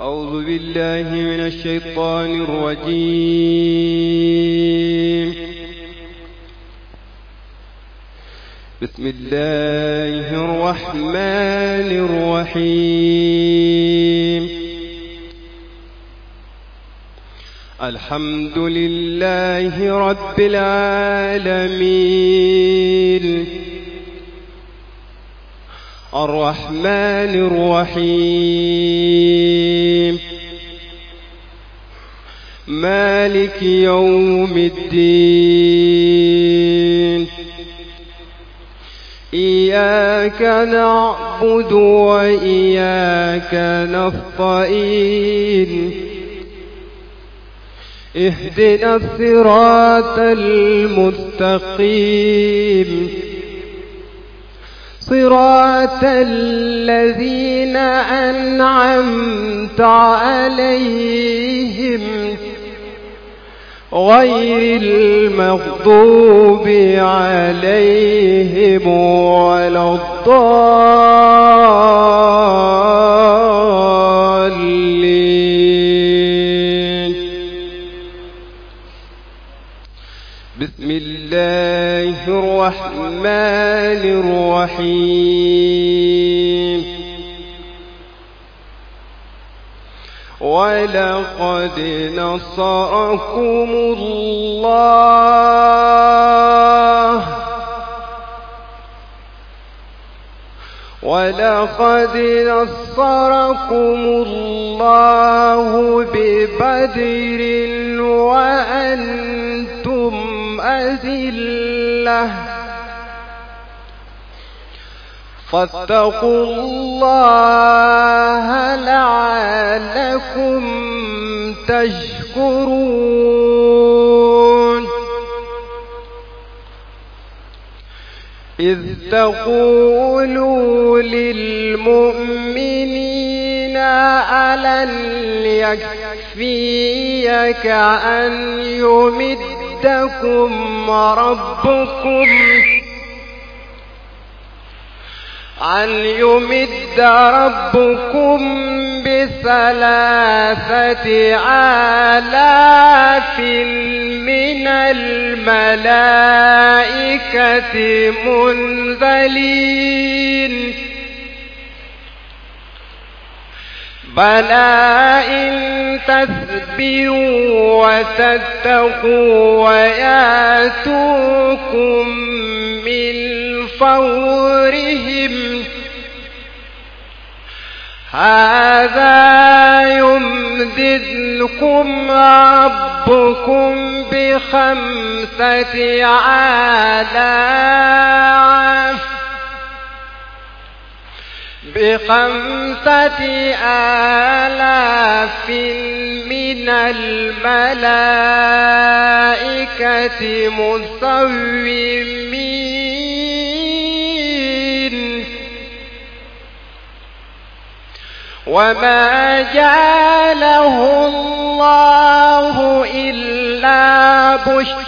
أعوذ بالله من الشيطان الرجيم بسم الله الرحمن الرحيم الحمد لله رب العالمين الرحمن الرحيم مالك يوم الدين إياك نعبد وإياك نفطئين اهدنا الصراط المستقيم صراط الذين أنعمت عليهم غير المغضوب عليهم ولا الضالين بسم الله الرحمن الرحمن الرحيم ولقد نصركم الله ولقد نصركم الله ببدر وأنتم أذلة فاتقوا الله لعلكم تشكرون إذ تقول للمؤمنين ألن يكفيك أن يمدكم ربكم أن يمد ربكم بثلاثة آلاف من الملائكة منزلين بلى إن تسبروا وتتقوا وياتوكم من فورهم هذا يمددكم ربكم بخمسة آلاف بخمسة آلاف من الملائكة مسومين وما جعله الله إلا بشرى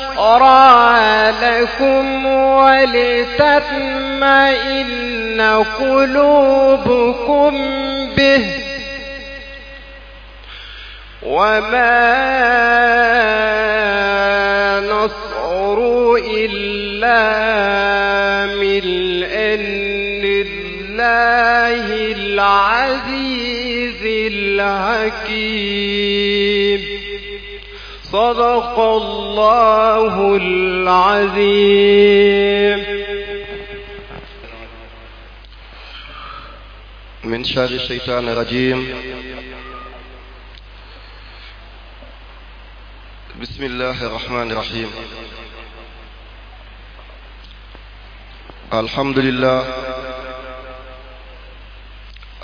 لكم ولتطمئن قلوبكم به وما نصر إلا الحكيم صدق الله العظيم من شر الشيطان الرجيم بسم الله الرحمن الرحيم الحمد لله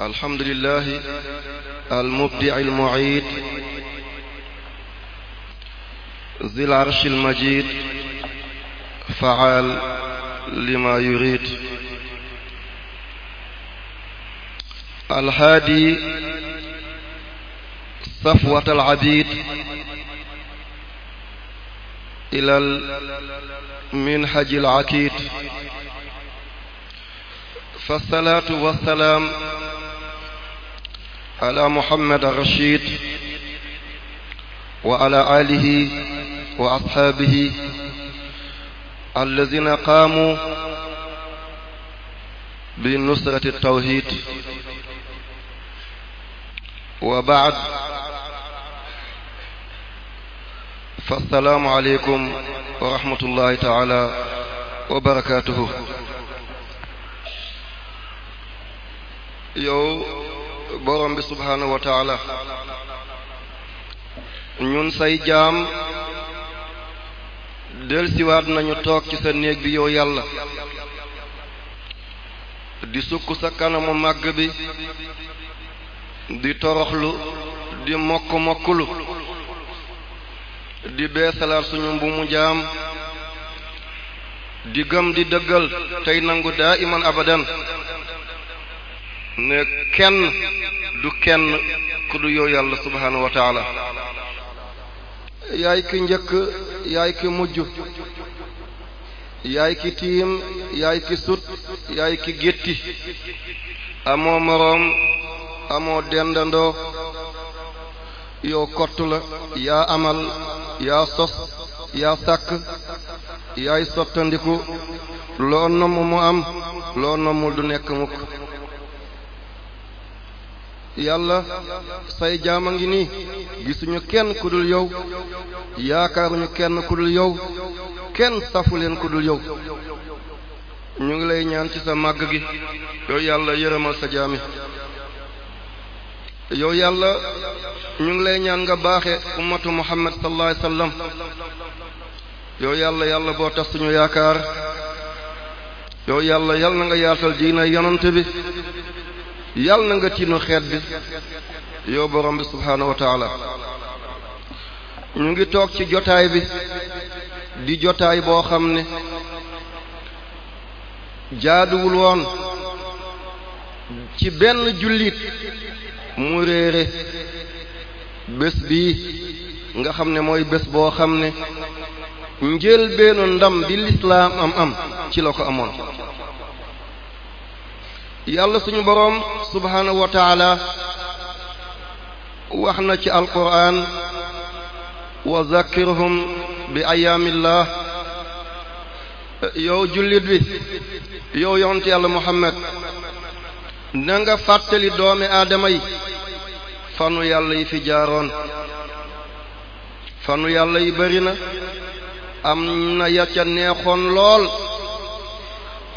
الحمد لله المبدع المعيد ذي العرش المجيد فعال لما يريد الهادي صفوة العبيد إلى المنهج العكيد فالصلاة والسلام على محمد الرشيد وعلى آله وأصحابه الذين قاموا بنصرة التوحيد وبعد فالسلام عليكم ورحمة الله تعالى وبركاته yow borom bi subhaanahu ñun say jaam delsiwaat nañu toog ci sa néeg bi yow yàlla di sukk sa kanamu màgg bi di toroxlu di mokk mokklu di beesalaat suñu mbuumu jaam di gëm di dëggal tey nangu daa iman abadan ne kenn du kenn ku du yow yàlla subhaanahu yaay ki njëkk yaay ki mujj yaay ki tiim yaay ki sut yaay ki gétti amoo moroom amoo dendandoo yow kott la yaa amal yaa sos yaa sàkk yaay sottandiku loo nomm mu am loo nommul du nekk mukk yàlla say jaam a ngi nii gisuñu kenn ku dul yow yaakaaruñu kenn ku dul yow kenn safu leen ku dul yow ñu ngi lay ñaan ci sa màgg gi yow yàlla yërëmal sa jaami yow yàlla ñu ngi lay ñaan nga baaxe ummatu muhammad sallallahu alayhi wasallam yow yàlla yàlla boo tax suñu yaakaar yow yàlla yàlla na nga yaatal diina yonante bi yàlla na nga tiinu xeet bi yow borom bi subhaanahu wa ñu ngi toog ci jotaay bi di jotaay boo xam ne jaaduwul woon ci benn jullit mu réere bés bii nga xam ne mooy bés boo xam ne njëlbeenu ndam bi lislaam am am ci la ko amoon yàlla suñu boroom subhaanahu wax na ci alquran wa zakkirhum bi ayaamillah yow jullit bi yow yonent yàlla muhammad na fàttali doomi aadama yi fanu yàlla yi fi jaaroon fanu yàlla yi bari na am na ya ca neexoon lool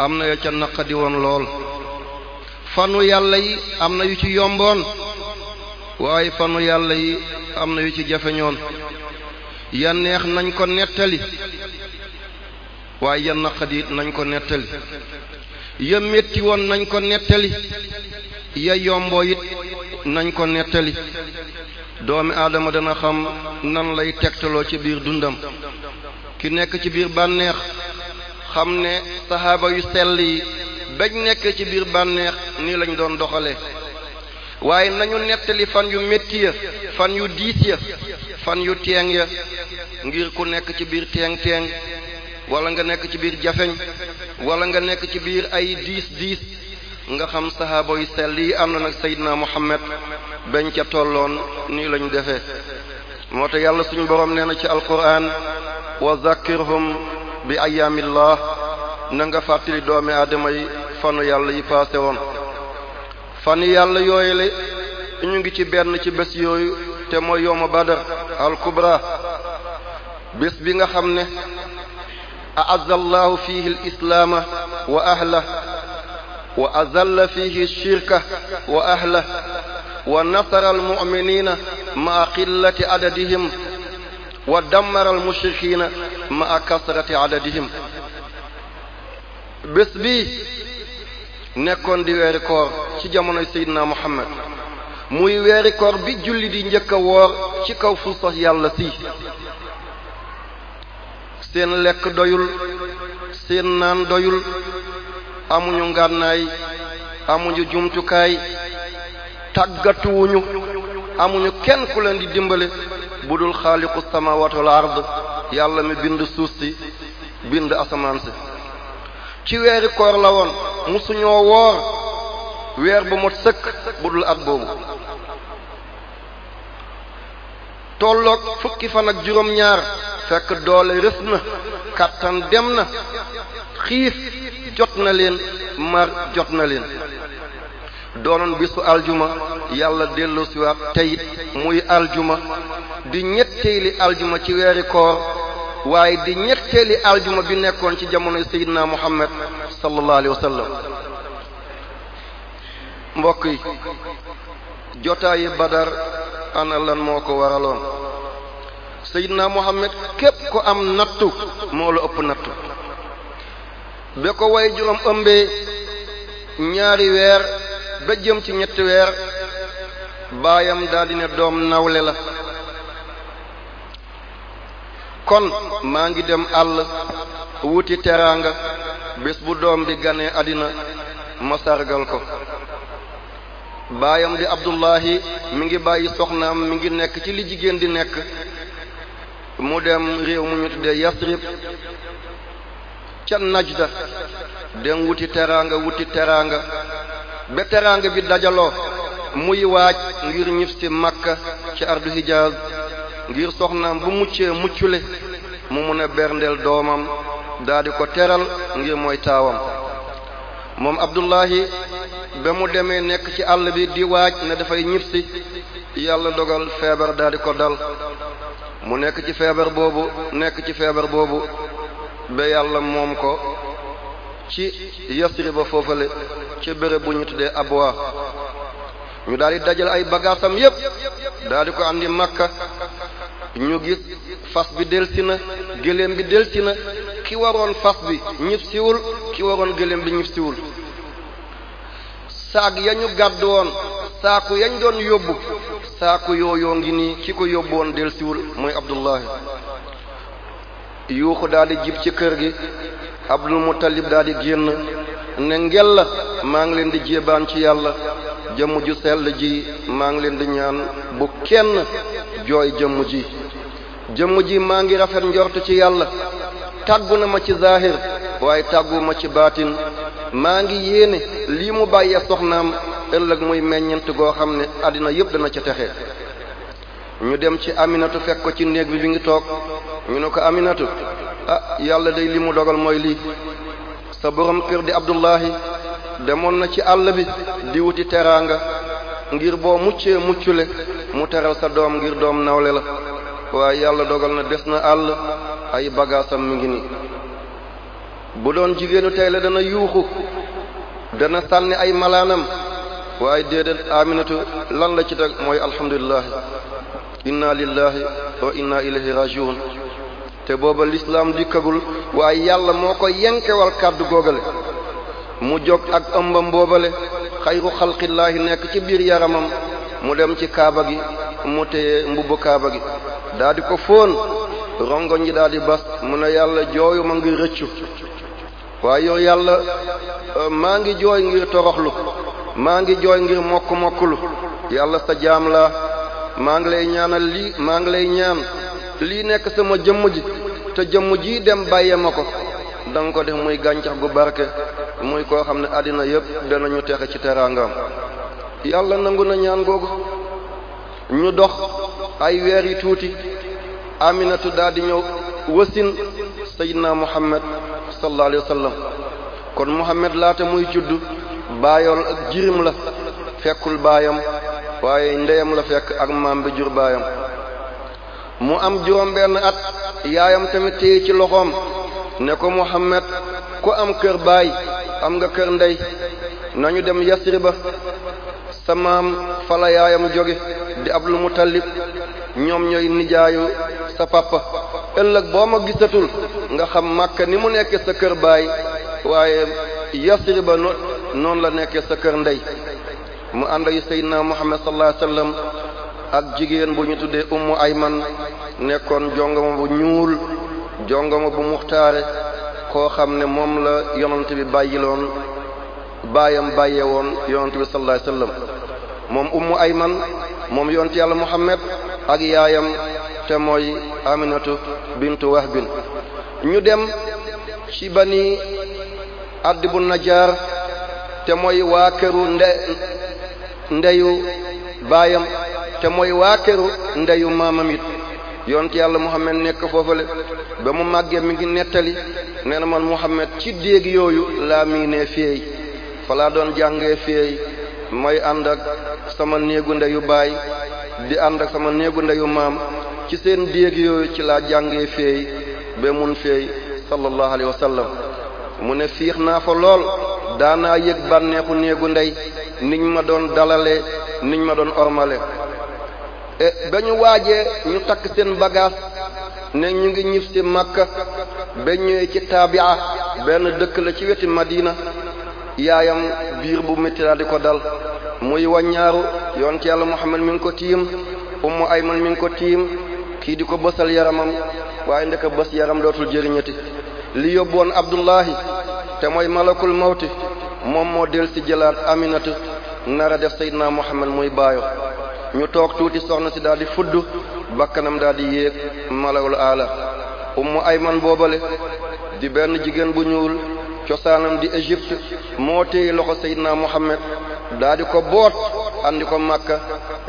am na ya ca naqadi lool fanu yàlla yi am na yu ci yomboon waaye fanu yàlla yi am na yu ci jafeñoon ya neex nañ ko nettali waaye ya naqadi nañ ko nettali ya metti woon nañ ko nettali ya yomboo it nañ ko nettali doomi aadama dana xam nan lay tegtaloo ci biir dundam ki nekk ci biir bànneex xam ne sahaaba yu sell yi bañ nekk ci biir bànneex nii lañ doon doxale waaye nañu nettali fan yu métti ya fan yu diis ya fan yu teeng ya ngir ku nekk ci biir teeng teeng wala nga nekk ci biir jafeñ wala nga nekk ci biir ay diis diis nga xam sahaaba yu sell yi àndoon ak Seydina Muhammad bañ ca tolloon nii lañu defee moo tax yàlla suñu borom nee na ci alquran wa zakkirhum bi ayaamillah na nga fàttali doomi aadama yi fanu yàlla yi paase woon fan yàlla yooyu la ñu ngi ci benn ci bés yooyu te mooy yowma badar al kubra bi nga xam ne aazza allahu fihi al islaama wa ahla wa azalla fihi shirka wa ahla wa nasara al muminina maa qillati adadihim wa dammara al mushrikina maa kasrati adadihim bés bi nekkoon di weeri ci jamono Seydina Muhammad muy weeri bi julli di njëkk woor ci kaw fulsa yàlla si seen lekk doyul seen naan doyul amuñu ngànnaay amuñu jumtukaay tàggatuwuñu amuñu kenn ku leen di dimbale bu dul xaaliqu sama wal ard yàlla mi bind suuf si bind asamaan si ci weeri koor la woon musuñoo woor weer bu mot sëkk bu dul at boobu tolloog fukki fan ak juróom-ñaar fekk doole rës na kàttan dem na xiif jot na leen mar jot na leen doonoon bisu aljuma yàlla dellu tey muy aljuma di ñetteeli aljuma ci weeri koor waaye di ñetteeli aljuma bi nekkoon ci jamonoy sayidina muhammad sallallahu alayhi wa sallam jotaayi badar ana moo ko waraloon sayidina muhammad képp ko am nattu moo la ëpp nattu ba ko way juróom ëmbee ñaari weer ba jëm ci ñetti weer baayam daldi ne doom nawle la kon maa ngi dem àll wuti teraanga bés bu doom bi ganee àddina ma sargal ko baayam di Abdullahi mi ngi bàyyi soxnaam mi ngi nekk ci li jigéen di nekk mu dem réew mu ñu tuddee Yasrib ca Najda dem wuti teraanga wuti teraanga ba teraanga bi dajaloo muy waaj ngir ñif si Makka ci ardu Hijaz ngir soxnaam bu muccee muccule mu mën a berndeel doomam daal di ko teral ngir mooy taawam moom Abdullahi ba mu demee nekk ci àll bi di waaj ne dafay ñibbisi yàlla dogal feebar daal di ko dal mu nekk ci feebar boobu nekk ci feebar boobu ba yàlla moom ko ci Yasriba foofale ci béréb bu ñu tuddee Abwa ñu daal di dajal ay bagaasam yépp daal ko àndi makka ñu gis fas bi delsi na gëléem bi delsi na ki waroon fas bi ñib siwul ki waroon gëléem bi ñib siwul saag ya ñu gàdd woon saaku yañ doon yóbbu saaku yooyoo ngi nii ki ko yóbbu delsiwul mooy Abdullahi yuuxu daal di jib ci kër gi abdul muttalib daal génn ne ngel maa ngi leen di jéebaan ci yàlla jëmm ju sell ji maa ngi leen di ñaan bu kenn jooy jëmm ji jëmm ji maa ngi rafet njort ci yàlla tàggu na ma ci zahir waaye tàggu ma ci baatin maa ngi yéene lii mu bàyyee soxnaam ëllëg muy meññent goo xam ne àddina yëpp dana ca texe ñu dem ci aminatu fekk ko ci néeg bi bi ngi toog ñu ne ko aminatu a ah, yàlla day lii mu dogal mooy lii sa borom kër di abdullahi demoon na ci àll bi di wuti teraanga ngir boo muccee muccule mu teral sa doom ngir doom nawle la waaye yàlla dogal na des na àll ay bagaasam mi ngi nii bu doon jigéenu tey la dana yuuxu dana sànni ay malaanam waaye déedéet aminatu lan la ci teg mooy alhamdulillahi inna lillahi wa inna ilayhi rajiun te booba lislaam dikkagul waaye yàlla moo ko yenkewal kàddu googale mu jóg ak ëmbam boobale xayru xalqillaahi nekk ci biir yaramam mu dem ci kaaba gi mu téye mbubb kaaba gi ko fóon rongoñ ji di bas mu ne yàlla jooyu ma ngir rëccu waaye yow euh, maa ngi jooy ngir toroxlu maa ngi jooy ngir mokk mokklu yàlla sa jaam maa ngi lay ñaanal lii maa ngi lay ñaan lii nekk sama jëmm ji te jëmm jii dem bàyyee ma ko da ko def muy gàncax gu barke muy koo xam ne àddina yépp danañu texe ci teraangaam yàlla nangu na ñaan googu ñu dox ay weer yi tuuti aminatu daal di ñëw wasin sayyidina muhammad sallallahu alayhi wa sallam kon muhammad laata muy judd baayool jirim la fekkul baayam waaye ndeyam la fekk ak maam bi jur baayam mu am juróom benn at yaayam tamit téye ci loxoom ne ko Muhammad ku am kër baay am nga kër ndey nañu dem Yasriba sa maam fala yaayam jóge di Abdul Muttalib ñoom ñooy nijaayu sa papa ëllëg boo ma gisatul nga xam Makka ni mu nekkee sa kër baay waaye Yasriba noonu la nekkee sa kër ndey mu àndak ak seydina muhammad sallallahu ak jigéen bu ñu tuddee ummu ayman nekkoon jongoma bu ñuul jongoma bu muxtaare koo xam ne moom la yonante bi bàyyiloon baayam bàyyee woon yonante bi sallallahu moom ummu ayman moom yonte yàlla muhammad ak yaayam te mooy aminatu bintu wahbin ñu dem ci bani addi bu najaar te mooy waa këru nde ndeyu baayam te mooy waa këru ndeyu maamam it yonent yàlla Muhammad nekk foofale ba mu màggee mi ngi nettali nee na man Muhammad ci déeg yooyu laa miinee feey falaa doon jànge feey mooy ànd ak sama néegu ndeyu baay di ànd ak sama néegu ndeyu maam ci seen déeg yooyu ci laa jàngee feey ba mun feey sallallahu alayhi wa mu ne fiix naa fa lool daanaa yëg bànneexu néegu ndey niñ ma doon dalale niñ ma doon ormale e, ba ñu waajee ñu takk seen bagage ne ñu ngi ñib si Makka ba ñëwee ci Tabia benn dëkk la ci weti Madina yaayam biir bu métti laa di ko dal muy waññaaru yonte yàlla Muhammad mi ngi ko tiim Ummu Ayman mi ko tiim kii di ko bësal yaramam waaye ndeka bës yaram dootul jëriñati li yóbboon Abdullahi te mooy malakul mawti moom moo del si jëlaat Aminatu nar a def Seydina Muhammad muy baayo ñu toog tuuti soxna si daal di fudd bakkanam daal di yéeg malawul aala ummu ayman boobale di benn jigéen bu ñuul cosaanam di Égypte moo téye loxo Seydina Muhammad daal di ko boot andi ko Makka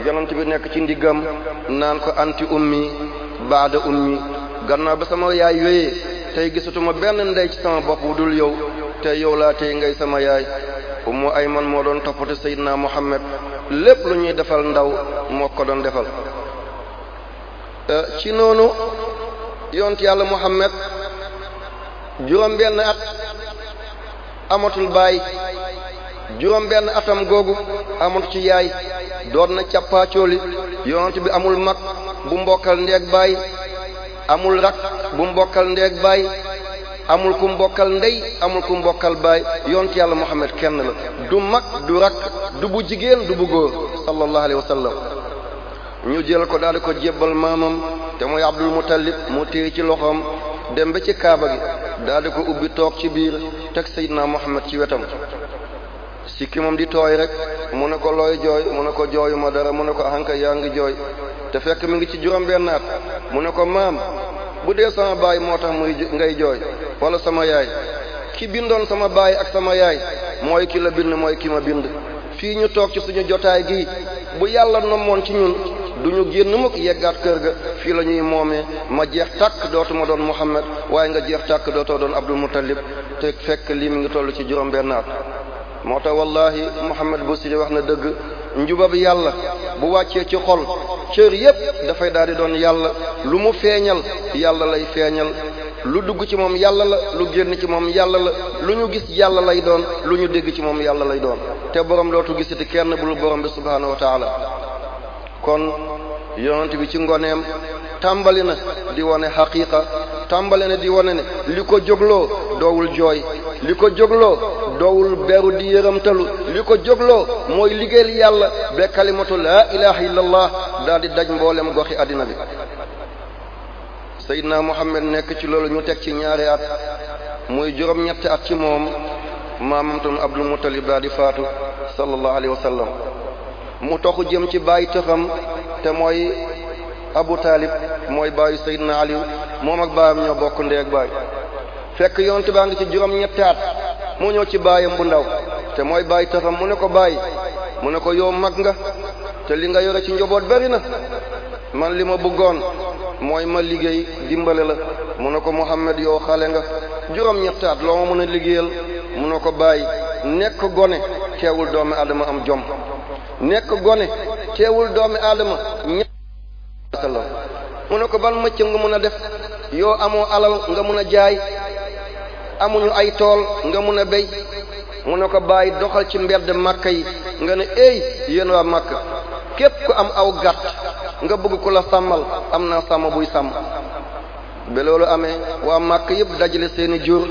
yonent nekk ci ndiggam naan ko anti ummi baada ummi gannaaw ba sama yaay yooyee tey gisatuma benn ndey ci sama bopp yow te yow laa tey ngay sama yaay ummu man moo doon toppate seydina muhammad lépp lu ñuy defal ndaw moo ko doon defal euh, ci noonu yont yàlla muhammad juróom benn at amatul baay juróom benn atam googu amatu ci yaay doon na càppaacooli yonent bi amul mag bu mbokkal ndeeg baay amul rak bu mbokkal ndeeg baay amul ku mbokkal ndey amul ku mbokkal baay yonent yàlla Muhammad kenn la du mag du rakk du bu jigéen du bu góor sallallahu wa sallam ñu jël ko daal di ko jébbal maamam te mooy Abdul Muttalib mu téye ci loxoom dem ba ci kaaba gi daal di ko ubbi toog ci biir teg Seydina Muhammad ci wetam sikki moom di tooy rek mu ne ko looy jooy mu ne ko jooyu ma dara mu ne ko hanka yaa ngi jooy te fekk mi ngi ci juróom benn mu ne ko maam bu dee sama baay moo tax muy ngay jooy wala sama yaay ki bindoon sama baay ak sama yaay mooy ki la bind mooy ki ma bind fii ñu toog ci suñu jotaay gi bu yàlla nomoon ci ñun du ñu génn mukk yeggaat kër ga fii la ñuy moomee ma jeex tàkk dootuma doon Muhammad waaye nga jeex tàkk dootoo doon Abdul Muttalib te fekk lii mu ngi toll ci juróom benn moo tax wallaahi Muhammad Busiri wax na dëgg njubab yàlla bu wàccee ci xol cër yépp dafay daal di doon yàlla lu mu feeñal yàlla lay feeñal lu dugg ci moom yàlla la lu génn ci moom yàlla la lu ñu gis yàlla lay doon lu ñu dégg ci moom yàlla lay doon te boroom dootu gisati kenn bul borom bi subhaanahu wa kon yonent bi ci ngoneem tàmbali na di wane xaqiqa tàmbali na di wane ne li ko jógloo dowul jooy li ko jógloo dowul beru di yëramtalu li ko jógloo mooy liggéeyal yàlla be kalimatu laa ilaha illallah daal di daj mboolem goxi àddina bi Seydina Muhammad nekk ci loolu ñu teg ci ñaari at muy juróom-ñetti at ci moom maamam tam Abdul Muttalib daal di faatu sallallahu alayhi wa mu toxu jëm ci bàyyi tëxam te mooy Abu Talib mooy baayu Seydina Ali moo ak baayam ñoo bokk ndee ak baay fekk yoon baa ngi ci juróom ñetti at mu ñëw ci baayam bu ndaw te mooy baay tafam mu ne ko baay mu ne ko yow mag nga te li nga yore ci njaboot bari na man li ma bëggoon mooy ma liggéey dimbale la mu ne ko Muhammad yow xale nga juróom ñetti at loo ma mën a liggéeyal mu ne ko baay nekk gone teewul doomi adama am jom nekk gone teewul doomi aadama sallam mu ne ko ban mëccëm nga mën a def yoo amoo alal nga mën a jaay amuñu ay tool nga mën a béy mu ne ko bàyyi doxal ci mbedd màkk yi nga ne éy yéen waa màkk képp ku am aw gàtt nga bëgg ko la sàmmal am naa sàmm buy sàmm ba loolu amee waa màkk yëpp dajale seeni jur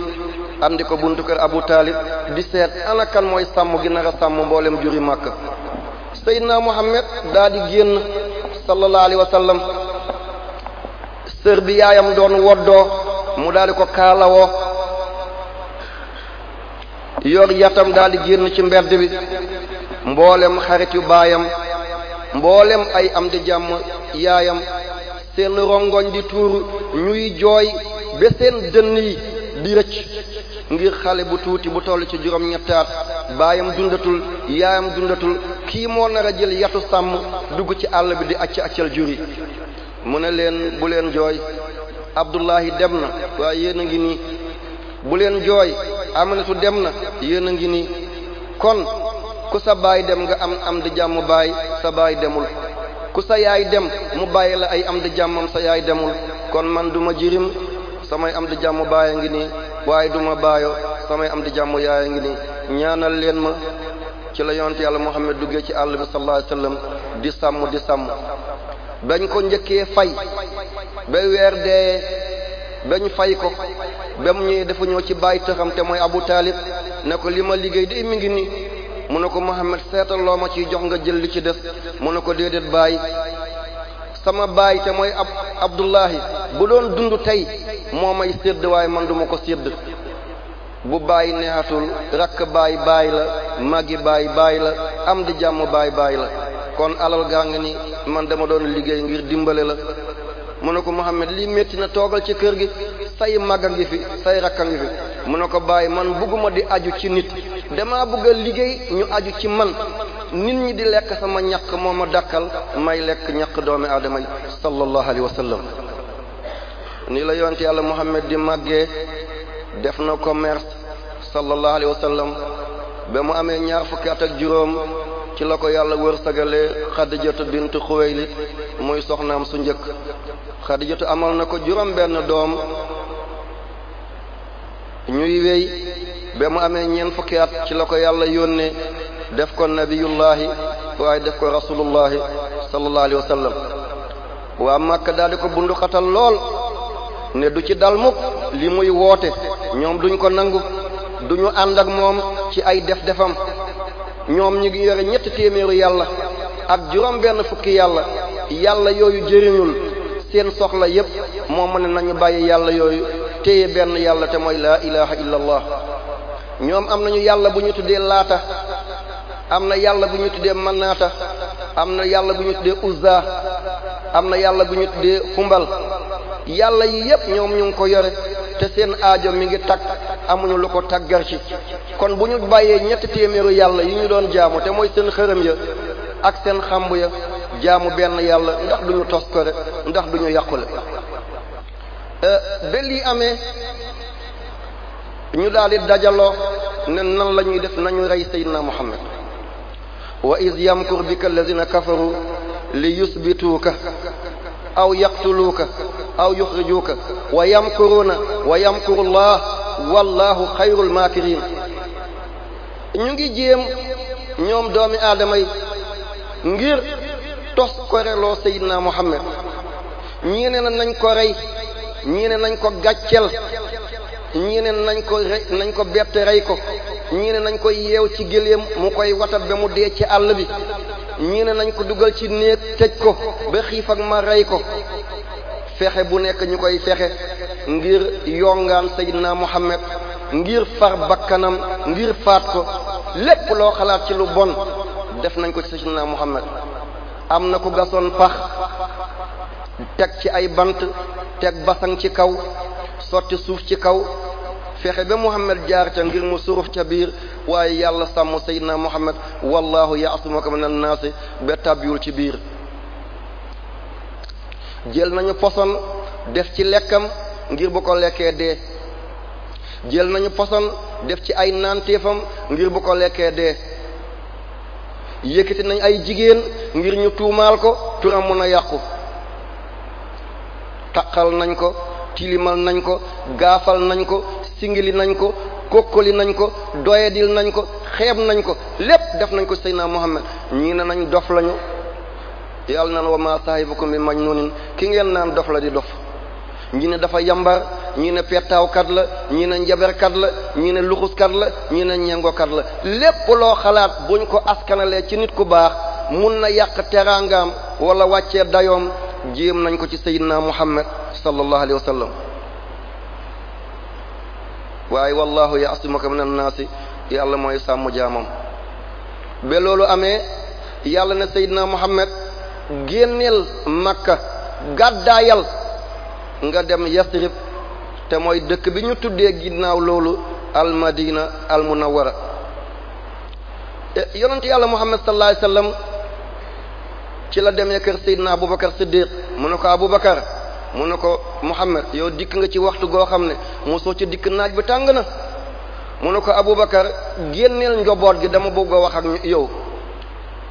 andi ko buntu kër Abu Taalib di seet ana mooy sàmm gi nara sàmm mboolem juri màkk Seydina Muhammad daa di génn sallallahu alayhi wa sallam sër bi yaayam doon woddoo mu daal ko kaalawoo yor yatam daal génn ci mbedd bi mboolem xarit yu baayam mboolem ay am di jàmm yaayam seen rongoñ di tuuru ñuy jooy ba dënn yi di rëcc ngir xale bu tuuti bu toll ci juróom-ñetti baayam dundatul yaayam dundatul kii moo nar a jël yatu sàmm dugg ci àll bi di acc accal jur mu ne leen bu leen jooy Abdullahi dem na waaye yéen a ngi nii bu leen jooy am Aminatu dem na yéen a ngi nii kon ku sa baay dem nga am am di jàmm baay sa baay demul ku sa yaay dem mu bàyyi la ay am di jàmmam sa yaay demul kon man duma jirim samay am di jàmm baaya ngi nii waaye duma baayo samay am di jàmm yaaya ngi nii ñaanal leen ma ci la yonent yàlla Muhammad duggee ci àll bi sallallahu alayhi wasallam di sàmm di sàmm bañ ko njëkkee fay ba weer dee bañ fay ko ba mu ñëwee dafa ñëw ci baay tëxam te mooy Abu Taalib ne ko li ma liggéey de mi ngi nii mu ne ko Muhammad seetal loo ma ciy jox nga jël li ci des mu ne ko déedéet baay sama baay te mooy ab Abdullahi bu doon dund tey moo may sédd waaye man duma ko sédd bu bàyyi neexatul rakk baay baay la magi baay baay la am di jàmm baay baay la kon alal gaa nga ni man dama doon liggéey ngir dimbale la mu ne ko Muhammad lii métti na toogal ci kër gi say mag a ngi fi say rakk a ngi fi mu ne ko bàyyi man bëgguma di aju ci nit dama bëgg liggéey ñu aju ci man nit ñi di lekk sama ñaq moom ma dàkkal may lekk ñakk doomi aadama yi sallallahu alayhi wa sallam ni la yonent yàlla Muhammad di màggee def na commerce sallallahu alayhi wa mu amee ñaar fukki at juróom ci la ko yàlla wër sagalee xadijatu bint xuwaylid muy soxnaam su njëkk xadijatu amal na ko juróom benn doom ñuy wéy ba mu amee ñeent fukki ci la ko yàlla yónnee def ko nabiyullahi waaye def ko rasulullahi sallallahu alayhi wa sallam waa Makka daal di ko bunduxatal lool ne du ci dal mukk li muy woote ñoom duñ ko nangu duñu ànd ak moom ci ay def-defam ñoom ñu ngi yore ñetti téeméeru yàlla ak juróom-benn fukki yàlla yàlla yooyu jëriñul seen soxla yépp moo mën ne nañu bàyyi yàlla yooyu. téye benn yàlla te mooy laa ilaha illa ñoom am nañu yàlla bu ñu tuddee laata am na yàlla bu ñu tuddee manaata am na yàlla bu ñu tuddee uzza am na yàlla bu ñu tuddee xumbal yàlla yi yépp ñoom ñu ngi ko yore te seen aajo mi ngi tag amuñu lu ko taggar ci kon bu ñu bàyyee ñetti téeméeru yàlla yi ñu doon jaamu te mooy seen xërëm ya ak seen xamb ya jaamu benn yàlla ndax duñu tos ko re ndax duñu yàqule Euh, ba lii amee ñu daal dajaloo ne nan la def nañu rey Seydina Muhammad wa iz yamkur bika allazina kafaru li aw yaqtuluuka aw yuxrijuuka wa yamkuruuna wa yamkuru llah wallahu xayrul maakirin ñu ngi jéem ñoom doomi aadama ngir tos koreloo Seydina Muhammad ñii ne nañ ko ñii ne nañ ko gàcceel ñii ne nañ ko rey nañ ko bett rey ko ñii ne nañ ko yeew ci géléem mu koy watat ba mu dee ci àll bi ñii ne nañ ko dugal ci néeg tëj ko ba xiif ak ma rey ko fexe bu nekk ñu koy fexe ngir yongaan na Muhammad ngir far bakkanam ngir faat ko lépp loo xalaat ci lu bon def nañ ko ci Seydina Muhammad am na ko gasoon pax teg ci ay bant teg basang ci kaw sotti suuf ci kaw fexe ba Muhammad jaar ca ngir mu suruf ca biir waaye yàlla sàmm Seydina Muhammad wallahu mën a annaasi ba tàbbiwul ci biir jël nañu poson def ci lekkam ngir bu ko lekkee dee jël nañu poson def ci ay naanteefam ngir bu ko lekkee dee yëkkati nañ ay jigéen ngir ñu tuumaal ko turam mën a yàqu taqal nañ ko tilimal nañ ko gaafal nañ ko singili nañ ko kokkoli nañ ko doyadil nañ ko xeeb nañ ko lépp def nañ ko seydina muhammad ñii ne nañ dof lañu yàlla naan wa ma sahibukum bi majnunin ki ngeen naan dof la di dof ñi ne dafa yambar ñi ne kat la ñii ne njaberkat la ñi ne luxuskat la ñi ne kat la lépp loo xalaat buñ ko askanalee ci nit ku baax mun na yàq teraangaam wala wàccee dayoom jéem nañ ko ci sayyidina muhammad sallallahu alayhi wa sallam waaye wallahu ya'simuka minan naasi yàlla mooy sàmm jaamam ba loolu amee yàlla na sayyidina muhammad génneel makka gàddaayal nga dem yasrib te mooy dëkk bi ñu tuddee ginnaaw loolu almadina almunawwara yonent yàlla muhammad sallallahu alayhi wa sallam ci la demee kër Seydina Aboubacar Siddiq mu ne ko Aboubacar mu ne ko Mouhamed yow dikk nga ci waxtu goo xam ne mosoo ci dikk naaj bi tàng na mu ne ko abu bakar génneel njoboot gi dama bëgg a wax ak yow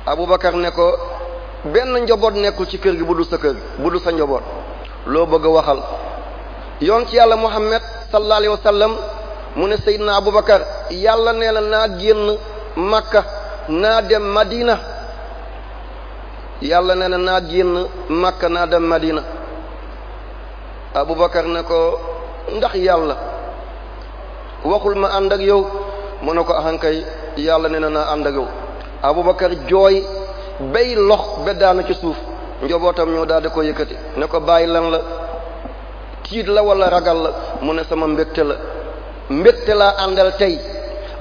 Aboubacar ne ko benn njaboot nekkul ci kër gi bu dul bu sa njaboot loo bëgg a waxal yoon ci yàlla Mouhamed sallallahu alayhi wa sallam mu ne Seydina Aboubacar yàlla nee na naa génn Makka naa dem Madina. yàlla nee na naa génn Makka naa dem Madina Abubakar ne ko ndax yàlla waxul ma ànd ak yow mu ne ko ahankay yàlla nee na naa ànd ak yow Abubakar jooy bay lox ba daanu ci suuf njobootam ñoo daal di ko yëkkati ne ko bàyyi lan la tiit la wala ragal la mu ne sama mbégte la mbégte la àndal tey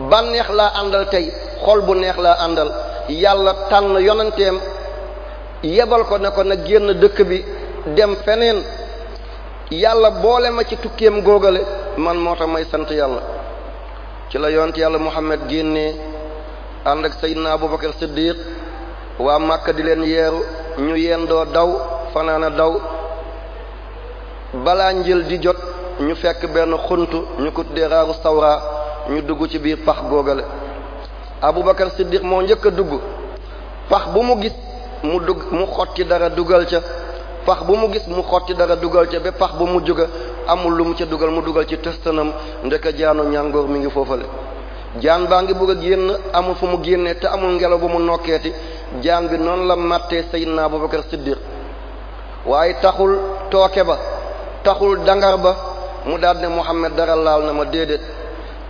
bànneex la àndal tey xol bu neex laa àndal yàlla tànn yonenteem yebal ko ne ko na génn dëkk bi dem feneen yàlla boole ma ci tukkeem góogale man moo tax may sant yàlla ci la yonent yàlla Muhammad génnee ànd ak Seydina Abubakar Siddiq waa Màkka di leen yeeru ñu yendoo daw fanaana daw balaa njël di jot ñu fekk benn xunt ñu ko tuddee sawraa ñu dugg ci biir pax góogale Abubakar Siddiq moo njëkk a dugg pax bu mu gis mu dugg mu xotti dara dugal ca pax bu mu gis mu xotti dara dugal ca ba pax bu mu juga amul lu mu ca dugal mu dugal ci tëstanam ndeka jaanu ñàngoor mi ngi foofale jaan baa ngi bugg a génn amul fu mu génne te amul ngelaw ba mu nokkeeti jaan bi noonu la màttee Seydina Abubakar Siddiq waaye taxul tooke ba taxul dangar ba mu daal ne Muhammad dara laal na ma déedéet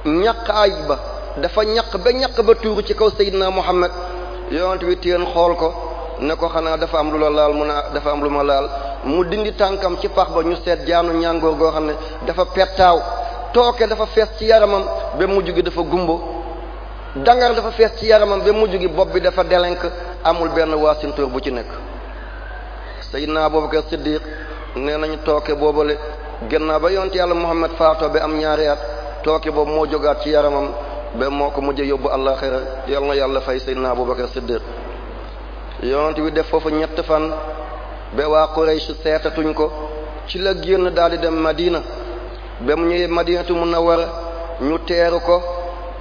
ñaq ay ba dafa ñaq ba ñaq ba tuuru ci kaw Seydina Muhammad yonent bi téen xool ko ne ko xanaa dafa am lu la laal mu ne ah, dafa am lu ma laal mu dindi tànkam ci pax ba ñu seet jaanu ñàngoor goo xam ne dafa pettaaw tooke dafa fees ci yaramam ba mujj gi dafa gumbo dangar dafa fees ci yaramam ba mujj gi bopp bi dafa delenk amul benn waasintóor bu ci nekk naa boobu Abubakar Siddiq nee nañu tooke boobale gannaaw ba yonte yàlla Muhammad faato be am ñaari at tooke boobu moo jógaat ci yaramam ba moo ko mujjee yóbbu àllaaxira yal na yàlla fay naa Seydina Abubakar Siddiq yonent bi def ñett fan be waa Quraysh seetatuñ ko ci la génn daal di dem Madina ba mu ñëwee Madinatu Munawwara ñu teeru ko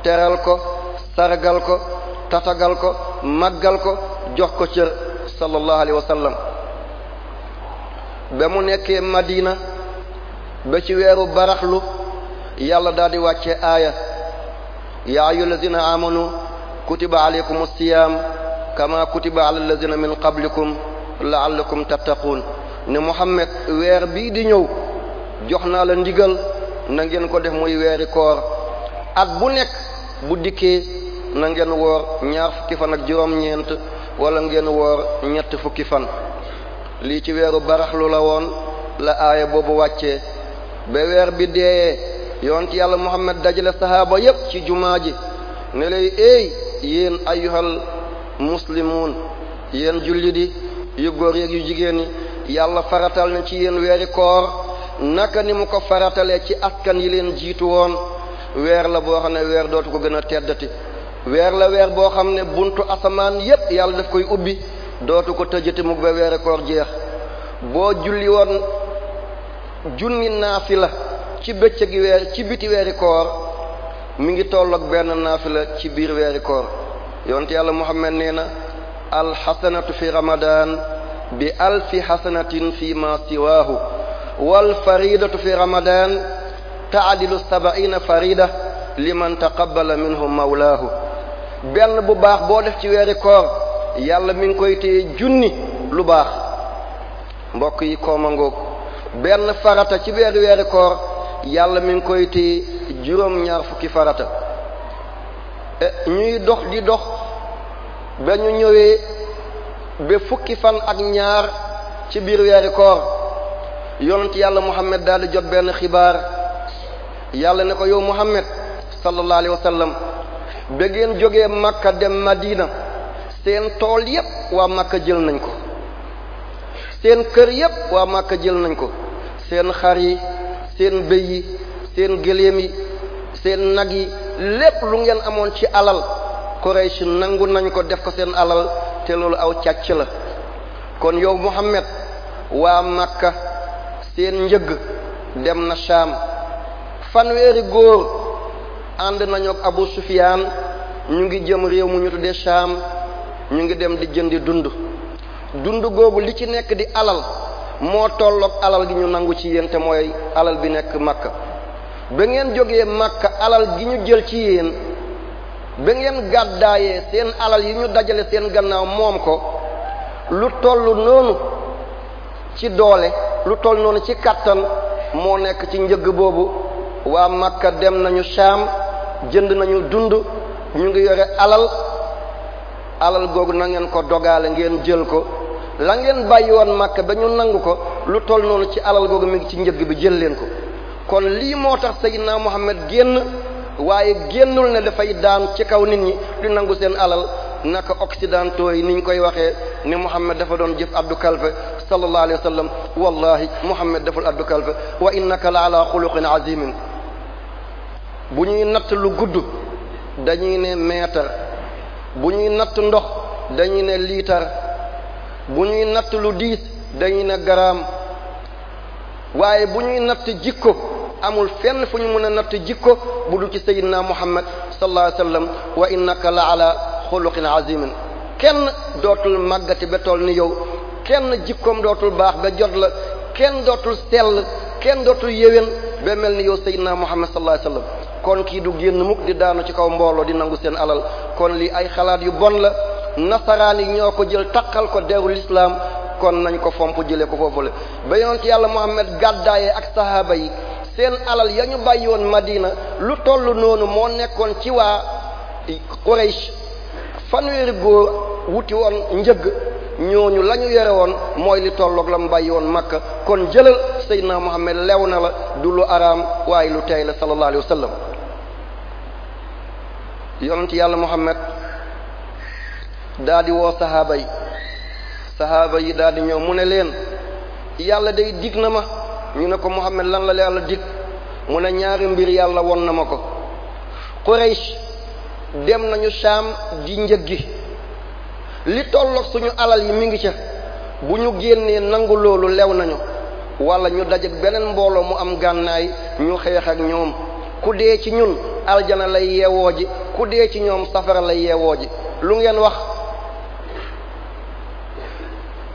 teral ko sargal ko tatagal ko màggal ko jox ko cër sallallahu alayhi wa sallam ba mu nekkee Madina ba ci weeru baraxlu yàlla daal di wàccee aaya yaa ayyuhallazina amanu kutiba alaykumus kama kutiba ala allazina min qablikum la'allakum tattaquun ne Muhammad weer bii di ñëw jox naa la ndigal na ngeen ko def mooy weeri koor at bu nekk bu dikkee na ngeen woor ñaar fukki fan ak juróom-ñeent wala ngeen woor ñett fukki fan lii ci weeru baraxlu la woon la aaya boobu wàccee ba weer bi deeyee yonent yàlla Muhammad dajale sahaaba yépp ci jumaa ji ne lay eey yéen ayyuhal muslimuun yéen julli yu góor yeeg yu jigéen yàlla faratal na ci yéen weeri koor naka ni mu ko faratalee ci askan yi leen jiitu woon weer la boo xam ne weer dootu ko gën a teddati weer la weer boo xam ne buntu asamaan yépp yàlla daf koy ubbi dootu ko tëjati mu ba weeri jeex boo julli woon junni naafila ci bëccëgi ci biti weeri mu ngi tolloog benn naafila ci biir weeri yonent yàlla Muhammad nee na alxasanatu fi ramadan bi alfi xasanatin fi ma siwaahu wal faridatu fi ramadan taadilu sabaina farida liman taqabbala minhu mawlaahu benn bu baax boo def ci weeri koor yàlla mi ngi koy téye junni lu baax mbokk yi kooma ngoog benn farata ci weeri weeri koor yàlla mi ngi koy téye juróom ñaar fukki farata Eh, ñuy dox di dox ba ñu ñëwee ba fukki fan ak ñaar ci biir weeri koor yonent yàlla Muhammad daal jot benn xibaar yàlla ne ko yow Muhammad sallallahu alayhi wa sallam ngeen jógee Makka dem Madina seen tool yépp waa Makka jël nañ ko seen kër yépp waa Makka jël nañ ko seen xar yi seen bëy yi seen gëléem yi seen nag yi lépp lu ngeen amoon ci alal Quraysh nangu nañ ko def ko seen alal te loolu aw càcc la kon yow Muhammad waa Makka seen njëg dem na Shaam fanweeri góor ànd nañu Abu Sufyaan ñu ngi jëm réew mu ñu tuddee Shaam ñu ngi dem di jëndi dund dund googu li ci nekk di alal moo tolloog alal gi ñu nangu ci yéen mooy alal bi nekk Makka ba ngeen jógee Makka alal gi ñu jël ci yéen ba ngeen gàddaayee seen alal yi ñu dajale seen gannaaw moom ko lu toll noonu ci doole lu toll noonu ci kàttan moo nekk ci njëg boobu waa Makka dem nañu Saam jënd nañu dund ñu ngi yore alal alal googu nangeen ko dogaale ngeen jël ko la ngeen bàyyi woon Makka ba ñu nangu ko lu toll noonu ci alal googu mi ngi ci njëg bi jël leen ko kon lii moo tax Seydina Muhammad génn waaye génnul ne dafay daan ci kaw nit ñi du nangu seen alal naka occidentaux yi niñ koy waxee ne Muhammad dafa doon jëf addu kalfe sallallahu alayhi wa sallam wallahi Muhammad deful addu kalfe wa innaka la ala xuluqin azimin bu ñuy natt lu gudd dañuy ne meetar bu ñuy natt ndox dañuy ne liitar bu ñuy natt lu diis dañuy ne garam waaye bu ñuy natt jikko amul fenn fu ñu mën a natt jikko bu dul ci sayyidina muhammad sallallahu alayhi wa sallam wa la ala xuluqin azimin kenn dootul màggati ba toll ni yow kenn jikkoom dootul baax ba jot la kenn dootul sel kenn dootul yéwén ba mel ni yow sayyidina muhammad sallallahu alayhi wa sallam kon kii du génn mukk di daanu ci kaw mbooloo di nangu seen alal kon lii ay xalaat yu bon la nasaraan yi ñoo ko jël takkal ko deru lislaam kon nañ ko fomp jëlee ko foofule ba yonent yàlla muhammad gàddaayee ak sahaaba seen alal ya ñu bàyyi woon Madina lu toll noonu moo nekkoon ci waa Quraysh fanweeri góor wuti woon njëg ñooñu la ñu yore woon mooy li tolloog la mu bàyyi woon Makka kon jëlal Seydina Muhammad lew na la du lu araam waaye lu tey la sallallahu alayhi wa yàlla Muhammad daldi woo sahaaba yi sahaaba yi daa ñëw mu ne leen yàlla day dig ma ñu ne ko Muhammad lan la yàlla dig mu ne ñaari mbir yàlla won na ma ko Quraysh dem nañu Saam di njëg gi li tolloog suñu alal yi mi ngi ca bu ñu génnee nangu loolu lew nañu walla ñu daje beneen mbooloo mu am gànnaay ñu xeex ak ñoom ku dee ci ñun aljana lay yeewoo ji ku dee ci ñoom safara lay yeewoo ji lu ngeen wax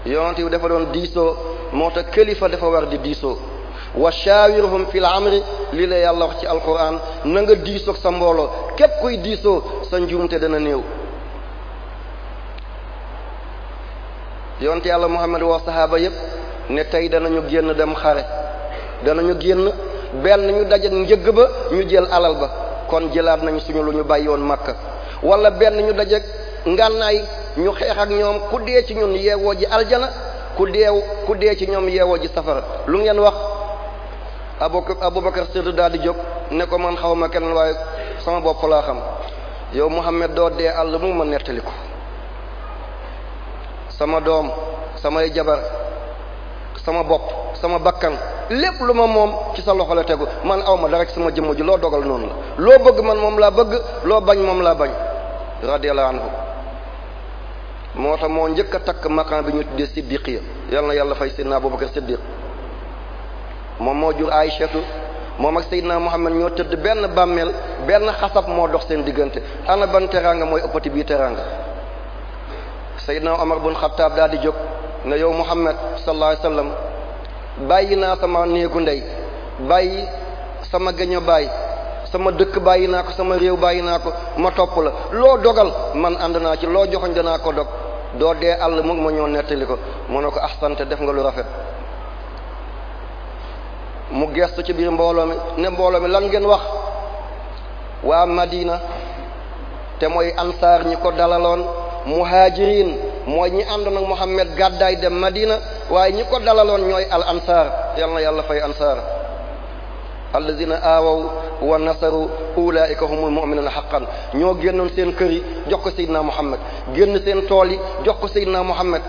yonent yi dafa doon diisoo moo tax kilifa dafa war di diisoo wa shawirhum fil amri lii la yàlla wax ci alquran na nga diisoog sa mbooloo képp koy diisoo sa njuumte dana néew yonte yàlla muhammad wax sahaaba yépp ne tey danañu génn dem xare danañu génn benn ñu daje njëgg ba ñu jël alal ba kon jëlaat nañu suñu lu ñu bàyyi woon makka wala benn ñu daje ngànnaay ñu xeex ak ñoom ku dee ci ñun yeewoo ji aljana ku deew ku dee ci ñoom yeewoo ji safara lu ngeen wax abok abubakar siddiq daal di jóg ne ko man xaw ma keneen waaye sama bopp laa xam yow muhammad doo dee àll mu ma nettali ko sama doom samay jabar sama bopp sama bakkan lépp lu ma moom ci sa loxo la tegu man aw ma dara ci sama jëm ji loo dogal noonu la loo bëgg man moom laa bëgg loo bañ moom laa bañ radiyallahu anhu moo tax moo njëkk a takk maqam bi ñu tuddee siddiqiya yal na yàlla fay seydna abubakar siddiq moom moo jur aïchatu moom ak seydna muhammad ñoo tëdd benn bàmmeel benn xasab moo dox seen diggante ana ban teraanga mooy ëppati bii teraanga seydna omar bun xataab daal di jóg ne yow muhammad sallallahu alayhi wasallam bàyyi naa sama néegu ndey bàyyi sama gëño bàyyi sama dëkk bàyyi naa ko sama réew bàyyi naa ko ma topp la loo dogal man ànd naa ci loo joxoñ danaa ko dog doo dee àll mu ma ñoo nettali ko mu ne ko ahsante def nga lu rafet mu gestu ci biir mbooloo mi ne mbooloo mi lan ngeen wax waa Madina te mooy ansaar ñi ko dalaloon muhajirin mooy ñi àndoon ak Muhammad gàddaay dem Madina waaye ñi ko dalaloon ñooy al ansaar yal na yàlla fay ansaar allazina aawaw wa nasaru ulaika humul a haqqan ñoo génnoon seen kër yi jox ko Seydina Muhammad génn seen tool yi jox ko Seydina Muhammad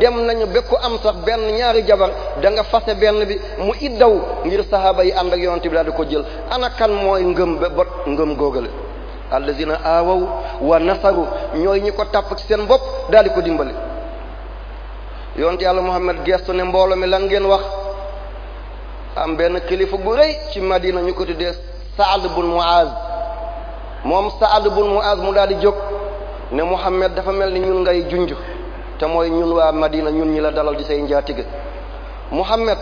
dem nañu ba ku am sax benn ñaari jabar da nga fase benn bi mu iddaw ngir sahaaba yi ànd ak yonent bi daal ko jël ana mooy ngëm ba bot ngëm góogale allazina aawaw wa nasaru ñooy ñi ko tàpp ci seen bopp daal di ko dimbali yonent yàlla Muhammad gestu ne mbooloo mi lan ngeen wax am benn kilifa gu rëy ci Madina ñu ko tuddee Saad bun Muaz moom Saad bun Muaz mu daal di jóg ne Muhammad dafa mel ni ñun ngay junj te mooy ñun waa Madina ñun ñi la dalal di say njaatige Muhammad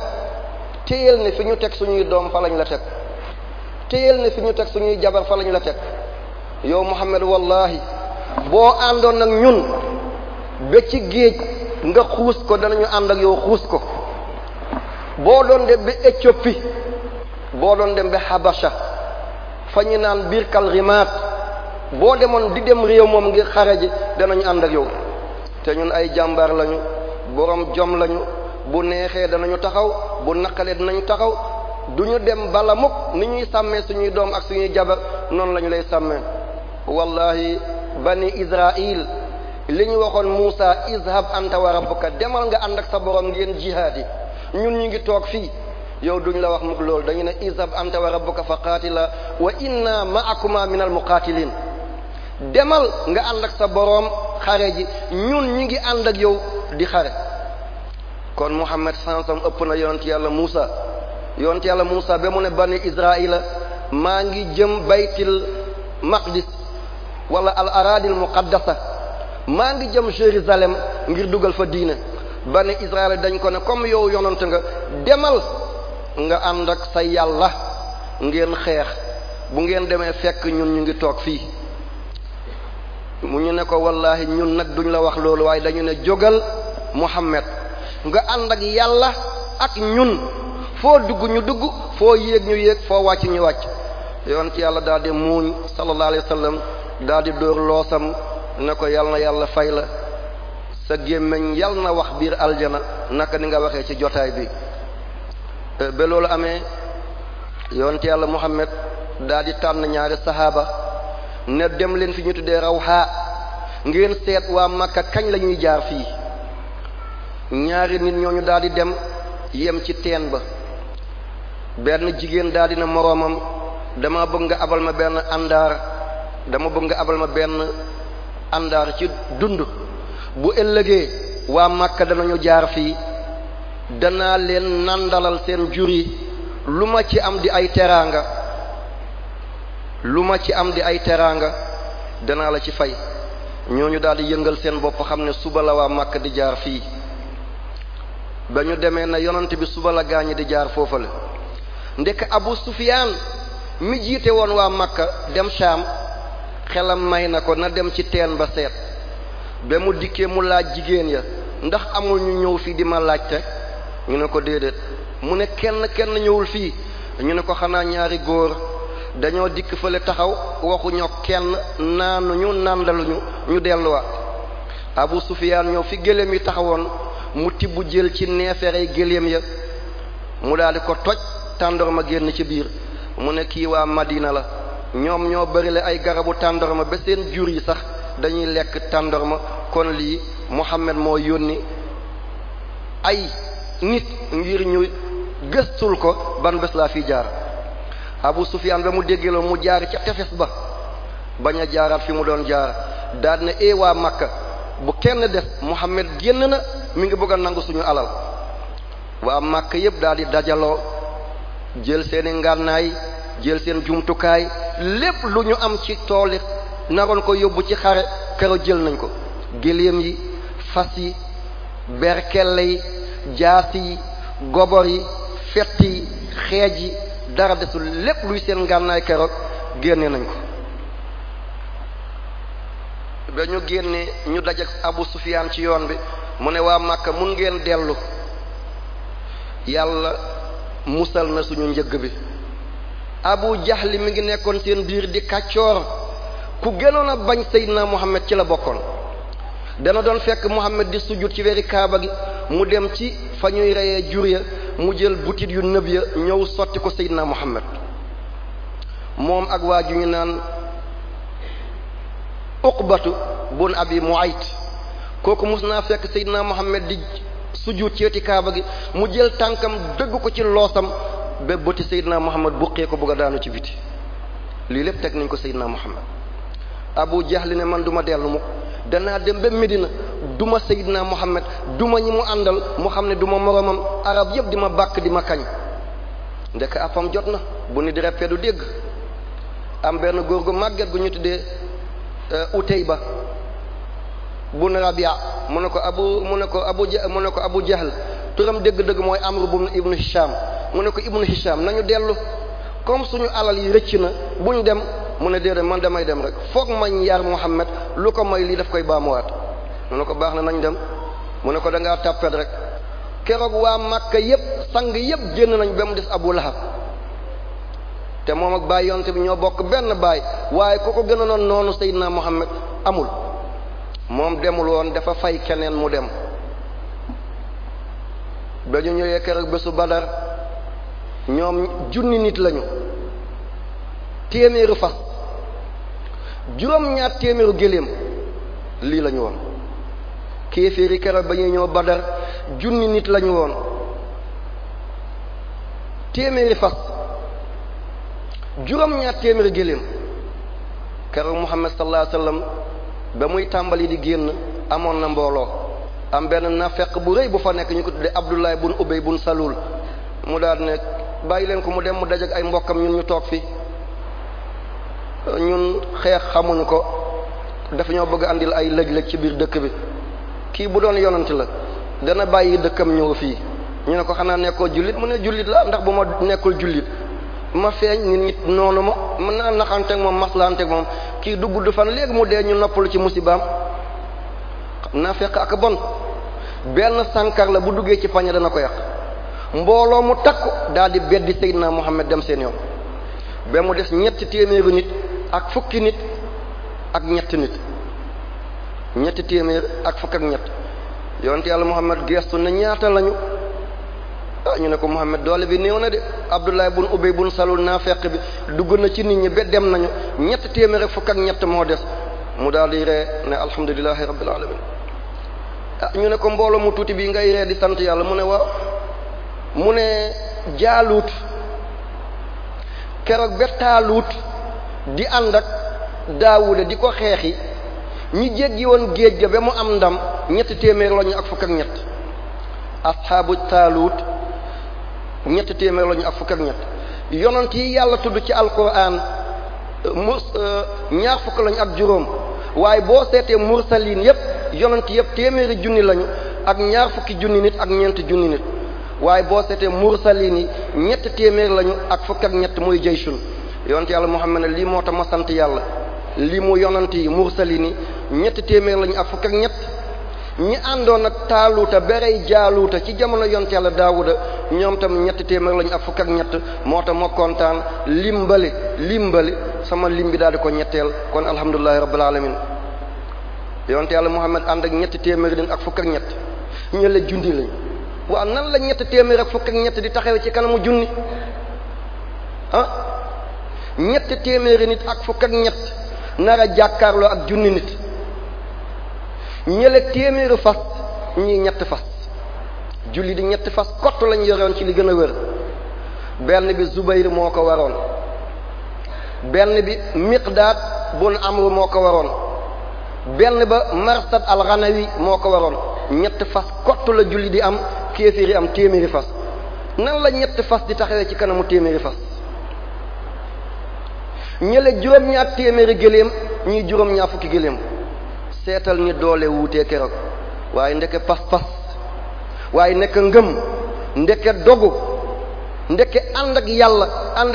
téyel ne fi ñu teg suñuy doom fa lañ la teg téyel ne fi ñu teg suñuy jabar fa lañ la teg yow Muhammad wallahi boo àndoon nag ñun ba ci géej nga xuus ko danañu ànd ak yow xuus ko boo doon dem ba Éthiopie boo doon dem ba Habasha fa ñu naan biir kalrimaat boo demoon di dem réew moom ngir xare ji danañu ànd ak yow te ñun ay jàmbaar lañu borom jom lañu bu neexee danañu taxaw bu naqalee danañu taxaw duñu dem bala mukk ni ñuy sàmmee suñuy doom ak suñuy jabar noonu lañu lay sàmmee wallahi bani israil li ñu waxoon Muusa izhab anta wa rabbuka demal nga ànd sa borom ngeen jihaad yi ñun ñu ngi toog fii yow duñ la wax mukk loolu dañu ne izab anta wa rabbuka fa qaatila wa inna ma'akuma minal muqaatilin demal nga ànd ak sa boroom xare ji ñun ñu ngi ànd yow di xare kon Muhammad sansam ëpp na yonent yàlla Muusa yonent yàlla Muusa ba mu ne bani Israila maa ngi jëm baytil maqdis wala al aradil muqaddasa maa ngi jëm Jérusalem ngir dugal fa diina ba ne Israël dañ ko ne comme yow yonant nga demal nga ànd ak sa yàlla ngeen xeex bu ngeen demee fekk ñun ñu ngi toog fii mu ñu ne ko wallahi ñun nag duñ la wax loolu waaye dañu ne jógal Muhammad nga ànd ak yàlla ak ñun foo dugg ñu dugg foo yéeg ñu yéeg foo wàcc ñu wàcc yoon yàlla daal di muuñ sallallahu alayhi wa sallam daal dóor loosam ne ko yàlla yàlla fay la sa gémmiñ yal na wax biir aljana naka ni nga waxee ci jotaay bi eh, ba loolu amee yonte yàlla Muhammad daal tànn ñaari sahaaba ne dem leen fi ñu tuddee Rawha ngeen seet waa Makka kañ la ñuy jaar fii ñaari nit ñooñu daal dem yem ci teen ba benn jigéen daal na moroomam dama bëgg nga abal ma benn àndaar dama bëgg nga abal ma benn àndaar ci dund bu ëllëgee waa Makka danañu jaar fii danaa leen nandalal seen jur yi lu ma ci am di ay teraanga lu ma ci am di ay teraanga danaa la ci fay ñooñu daal di yëngal seen bopp xam ne suba la waa Makka di jaar fii dañu ñu demee na yonent bi suba la gaañi di jaar foofa la ndek Abu Sufyaan mi jiite woon waa Makka dem Shaam xelam may na ko na dem ci teen ba seet ba mu dikkee mu laaj jigéen ya ndax amul ñu ñëw fii di ma laajte ñu ne ko déedéet mu ne kenn kenn ñëwul fii ñu ne ko xanaa ñaari góor dañoo dikk fële taxaw waxuñoo kenn naanuñu nàndaluñu ñu delluwaat Abu Sufyaan ñëw fi gëléem yi taxawoon mu tibb jël ci neeferey gëléem ya mu daal di ko toj ma génn ci biir mu ne kii waa Madina la ñoom ñoo bërile ay garabu ma ba seen jur yi sax dañuy lekk ma kon lii Muhammad moo yónni ay nit ngir ñu gëstul ko ban bés laa fi jaar Abu Sufyaan ba mu déggeloo mu jaar ca tefes ba bañ a jaaraat fi mu doon jaar daal ee waa Makka bu kenn def Muhammad génn na mi ngi bëgg a nangu suñu alal waa Makka yépp daal di dajaloo jël seeni ngànnaay jël seen jumtukaay lépp lu ñu am ci tool it naroon ko yóbbu ci xare kero jël nañ ko géléem yi fas yi berkelle yi jaas yi gobor yi fett yi xeej yi dara desul lépp luy seen ngànnaay keroog génne nañ ko dañu génne ñu dajak Abu Sufyaan ci yoon bi mu ne waa màkk mun ngeen dellu yàlla musal na suñu njëgg bi Abu Jahl mi ngi nekkoon seen biir di kàccoor ku gënoon a bañ Seydina Muhammad ci la bokkoon dana doon fekk Muhammad di sujjut ci weeri kaaba gi mu dem ci fa ñuy reyee jur ya mu jël butit yu nëb ya ñëw sotti ko Seydina Muhammad moom ak waa ju ñu naan Uqbatu bun Abi Muayt kooku mus naa fekk Seydina Muhammad di sujjut ci weeti kaaba gi mu jël tànkam dëgg ko ci loosam ba bëti Seydina Muhammad buqee ko bëgg a daanu ci biti lii lépp teg nañ ko Seydina Muhammad abu jahli ne man duma dellu mukk danaa dem ba Medina du ma Seydina Muhammad du ma ñi mu àndal mu xam ne du ma moromam arab yëpp di ma bàkk di ma kañ ndek afam jot na bu ni di reppee du dégg am benn góor gu màgget gu ñu tuddee euh, Utayba bun Rabia mu ne ko abu mu ne ko abu mu ne ko abu jahl turam dëgg-dëgg mooy am bun Ibn Hisham mu ne ko Ibn Hisham nañu dellu comme suñu alal yi rëcc na buñ dem mu ne déedéet man damay dem rek foog mañ yar Muhammad lu ko may lii daf koy baamuwaat mu ne ko baax na nañu dem mu ne ko da ngaa tàppet rek keroog waa Makka yépp sang yépp génn nañ ba mu des Abu Lahab te moom ak baay yonte bi ñoo bokk benn baay waaye ku ko gënoon noonu Seydina Muhammad amul moom demul woon dafa fay keneen mu dem ba ñu ñëwee keroog bésu Badar ñoom junni nit lañu téeméeru fas juróom-ñaar téeméeru géléem lii la woon kéeféeri keroog ba ñuy ñëw badar junni nit lañu woon téeméeri fas juróom-ñaar téeméeri géléem keroog Muhammad sallallahu alayhi ba muy tàmbali di génn amoon na mbooloo am benn nafeq bu rëy bu fa nekk ñu ko tuddee Abdullah bun Ubay bun Salul mu daal nekk bàyyi leen ko mu dem mu dajeg ay mbokkam ñun ñu toog fi ñun xeex xamuñu ko dafa ñoo bëgg andil ay lëj-lëj ci biir dëkk bi kii bu doon yonante la dana bàyyi dëkkam ñëw fii ñu ne ko xanaa nekkoo jullit mu ne jullit la ndax bu ma nekkul jullit ma feeñ nit ñi ma mën naa naxanteeg moom maslaanteeg moom kii du gudd fan léegi mu dee ñu noppalu ci musibaam naa fekk ak bon benn sànkar la bu duggee ci pañe dana ko yàq mbooloo mu takku daal di beddi Seydina Muhammad dem seen yoon ba mu des ñetti téeméeri nit ak fukki nit ak ñett nit ñetti téeméer ak fukk ak ñett yonte yàlla Muhammad geestu na ñaata lañu ah ñu ne ko Muhammad doole bi néew na de Abdullah bun Ubay bun Salul naafeq bi dugg na ci nit ñi ba dem nañu ñett téeméer ak fukk ak ñett moo des mu daal di ree ne alhamdulillahi rabbil alamin ah ñu ne ko mbooloo mu tuuti bi ngay ree di sant yàlla mu ne waaw mu ne jaaluut keroog ba taaluut di ànd ak daawuda di ko xeexi ñi jéggi woon géej ga ba mu am ndam ñetti téeméer lañu ak fukk ak ñett asxaabu taalut ñetti téeméer lañu ak fukk ak ñett yonent yi yàlla tudd ci alquran mus euh, ñaar fukk lañu ak juróom waaye boo seetee mursaliin yépp yonent yépp téeméeri junni lañu ak ñaar fukki junni nit ak ñeenti junni nit waaye boo seetee mursaliin yi ñetti téeméer lañu ak fukk ak ñett muy jaysun yonent yàlla Muhammad ne lii moo tama sant yàlla lii mu yonant yi mursalini ñetti téeméer lañu ak fukk ak ñett ñi àndoon ak taaluuta berey jaaluuta ci jamono yonent yàlla daawuda ñoom tam ñetti téeméer lañu ak fukk ak ñett moo tax ma kontaan limbali limbali sama lim bi daal ko ñetteel kon alhamdulillahi rabbil alamin yonent yàlla Muhammad ànd ak ñetti téeméer lañu ak fukk ak ñett ñu la junni lañu waaw nan la ñetti téeméer ak fukk ak ñett di taxawee ci kanamu junni ah? ñett téeméeri nit ak fukk ak ñett nara jàkkaarloo ak junni nit ñële téeméeri fas ñii ñetti fas julli di ñett fas kott lañ yoroon ci li gën a wër benn bi Zubayr moo ko waroon benn bi Miqdaad bun Amr moo ko waroon benn ba Marsad al-Ghanawi moo ko waroon ñett fas kott la julli di am kéefiri am téeméeri fas nan la ñetti fas di taxawee ci kanamu téeméeri fas ñële juróom-ñaar téeméeri gëléem ñii juróom-ñaar fukki géléem seetal ni doole wuutee keroog waaye ndeke pas-pas waaye nekk ngëm ndeke dogu ndeke ànd ak yàlla ànd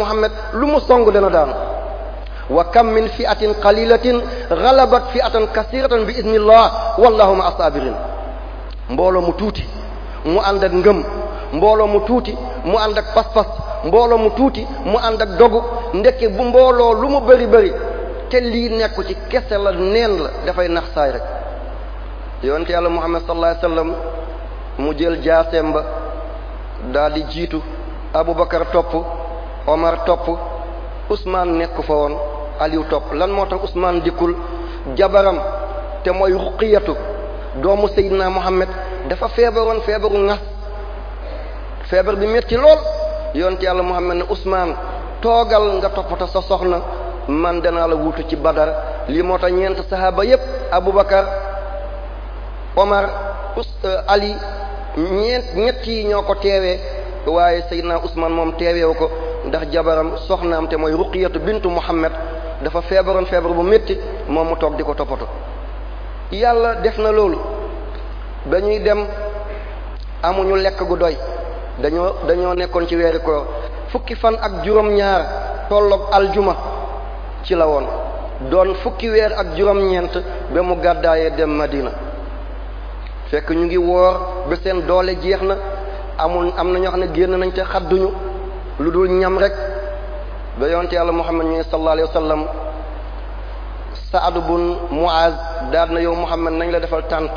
muhammad lu mu song dana daanu wa kam min fi'atin qalilatin ghalabat fi'atan kasiratan bi idnillah wallahu ma asabirin mbooloo mu tuuti mu ànd ak mbooloo mu tuuti mu ànd ak pas-pas mbooloo mu tuuti mu ànd ak dogu ndekki bu mbooloo lu mu bari bari te lii nekku ci kese la neen la dafay nax saay rek yonent yàlla muhammad sallallahu alayhi wasallam mu jël jaaseem ba daal di jiitu abubakar topp omar topp usmaan nekku fa woon aliou topp lan moo ta usmaan dikkul jabaram te mooy ruqiyatu doomu seydina muhammad dafa feebaroon feebaru ŋas feebar bi metti lool yonent yàlla Muhammad na Usmaan toogal nga toppatoo sa soxna man danaa la wuutu ci Badar lii moo tax ñeent saxaaba yépp Abubakar Omar us euh, Ali ñeent ñett yi ñoo ko teewee waaye Seydina usman moom teeweewu ko ndax jabaram soxnaam te mooy Ruqiyatu bintu Muhammad dafa feebaroon feebar bu metti moom mu toog di ko toppatoo yàlla def na loolu ba dem amuñu lekk gu doy dañoo dañoo nekkoon ci weeri koor fukki fan ak juróom-ñaar tolloog aljuma ci la woon doon fukki weer ak juróom-ñeent ba mu gàddaayee dem Madina fekk ñu ngi woor ba seen doole jeex na amul am na ñoo xam ne génn nañ te xadduñu lu dul ñam rekk ba yonte yàlla Muhammad ñu sallallahu alayhi wasallam Saad bun Muaz daal na yow Muhammad nañ la defal tànt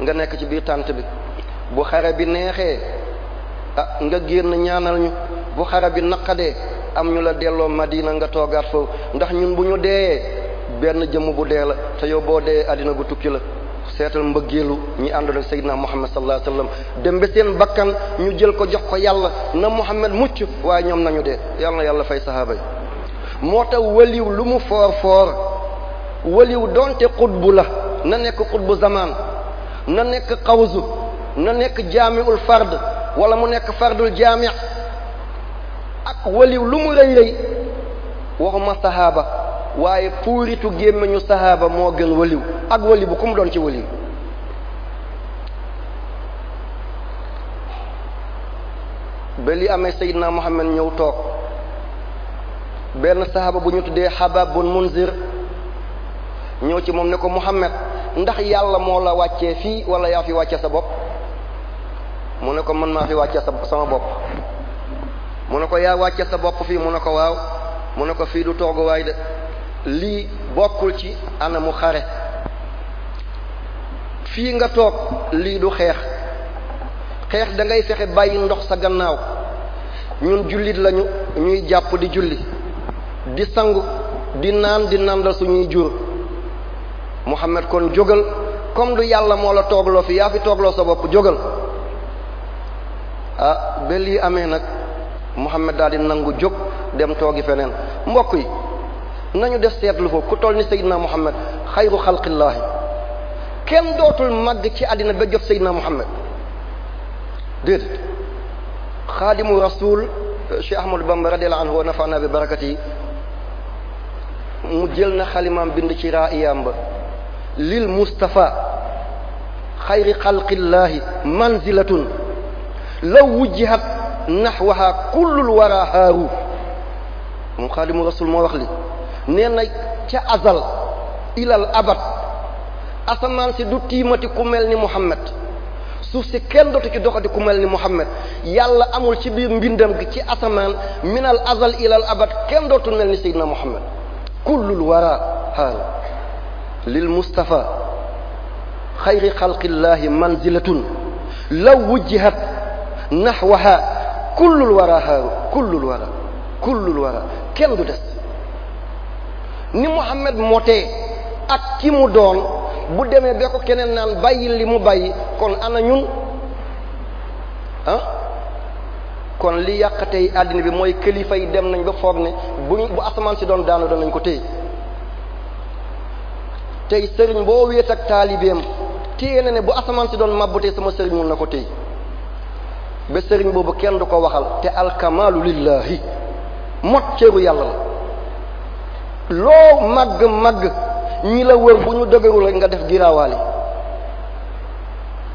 nga nekk ci biir tànt bi bu xare bi neexee ah nga génn ñaanal ñu bu xare bi naqadee am ñu la delloo madina nga toogaat foofu ndax ñun bu ñu dee benn jëmm bu dee la te yow boo deeyee àddina bu tukki la seetal mbëggeelu ñi àndoon ak Seydina Muhammad sallallahu alayhi wasallam dem ba seen bakkan ñu jël ko jox ko yàlla na Muhammad mucc waaye ñoom nañu de yàlla yàlla fay sahaaba yi moo tax waliw lu mu foor foor waliw donte xutbu la na nekk xutbu zamaan na nekk xawsu na nekk jaamiul fard wala mu nekk fardul jaami ak waliw lu mu rëy rëy waxuma sahaaba waaye puuritu gémmiñu sahaaba moo gën waliw ak wali bu ku mu doon ci waliw ba li amee Seydina ñëw toog benn sahaaba bu ñu tuddee Habab bun Munzir ñëw ci moom ne ko Muhammad ndax yàlla moo la wàccee fii wala yaa fi wàcce sa bopp mu ne ko man maa fi wàcce sa sama bopp mu ne ko yaa wàcce sa bopp fii mu ne ko waaw mu ne ko fii du tooguwaay de lii bokkul ci anamu xare fii nga toog lii du xeex xeex dangay ngay fexe bàyyi ndox sa gannaaw ñun jullit lañu ñuy jàpp di julli di sangu di naan di nandal suñuy jur Muhammad kon jógal comme du yàlla moo la toog loo fi yaa fi toogloo sa bopp jógal a ah, ba lii amee nag Muhammad daal di nangu jóg dem toogi feneen mbokk yi nañu def seetlu foofu ku toll ni Seydina Muhammad xayru xalqillaahi kenn dootul màgg ci àddina ba jot Seydina Muhammad déedéet xaadimu rasul Cheikh Ahmadou Bamba radiyallahu anhu wa nafaana bi barakati mu jël na xalimaam bind ci raayam ba lil Mustafa xayri xalqillaahi manzilatun law wujjihat naxwaha kullul wara haaru moom xaadimu rasul moo wax li na ca azal ilal abad asamaan si du tiimati ku mel ni muhammad suuf si kenn dootu ci doxati ku mel ni muhammad yàlla amul ci biir mbindam gi ci asamaan minal azal ilal abad kenn dootu mel ni seydina muhammad kullul wara haaru lil mustafa xayri xalqillaahi manzilatun law wujjihat naxwaha kullul wara xaaru kullul wara kenn du des ni Muhammad motee ak ki mu doon bu demee ba ko keneen naan bàyyi li mu bàyyi kon ana ñun ah kon li yàq tey àddina bi mooy kilifa yi dem nañ ba foog ne buñ bu asamaan si doon daanu nañ ko téye tey sëriñ boo wéet ak taalibeem téye na ne bu asamaan si doon màbbu tey sama sëriñ mun na ko téye ba sëriñ boobu kenn du ko waxal te alkamalu lillahi mot ceeru yàlla la loo màgg màgg ñi la wër bu ñu dëgërul rek nga def giraawaali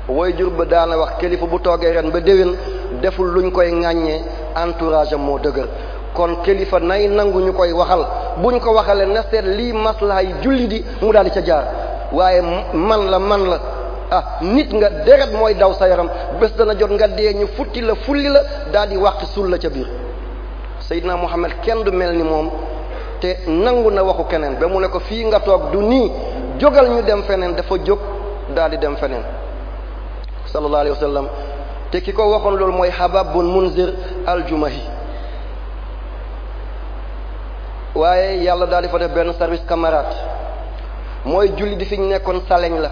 woy jur ba daana wax kilifa bu toogee ren ba déwén deful luñ koy ŋàññee entourage moo dëgër kon kilifa nay nangu ñu koy waxal buñ ko waxalee na seet lii maslaay julli di mu daal di ca jaar waaye man la man la ah nit nga deret mooy daw sa yaram bés dana jot nga dee ñu futti la fulli la daal di wàq suul la ca biir Seydina Muhammad kenn du mel ni moom te nangu na waxu keneen ba mu ne ko fii nga toog du nii jógal ñu dem feneen dafa jóg daal di dem feneen sallallahu alayhi wa sallam te ki ko waxoon loolu mooy Habab bun Munzir al-Jumahi waaye yàlla daal di fa def benn service camarade mooy julli di fi nekkoon saleñ la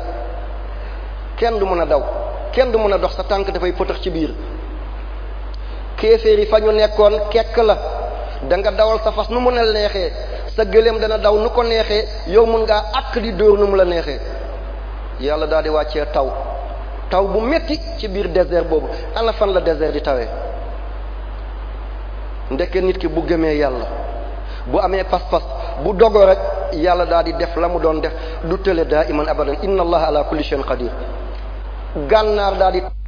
kenn du mën a daw kenn du mën a dox sa tànk dafay pëtëx ci biir kéeféer yi fa ñu nekkoon kekk la da nga dawal sa fas nu mën a neexee sa gëléem dana daw nu ko neexee yow mën ngaa àkk di dóor nu mu la neexee yàlla daal di wàccee taw taw bu metti ci biir désert boobu ana la désert di tawee ndeke nit ki bu gëmee yàlla bu amee pas-pas bu dogo rek yàlla daal di def la mu doon def du tële daa iman abadan inna allaha ala kulli shay'in qadir gànnaar daal di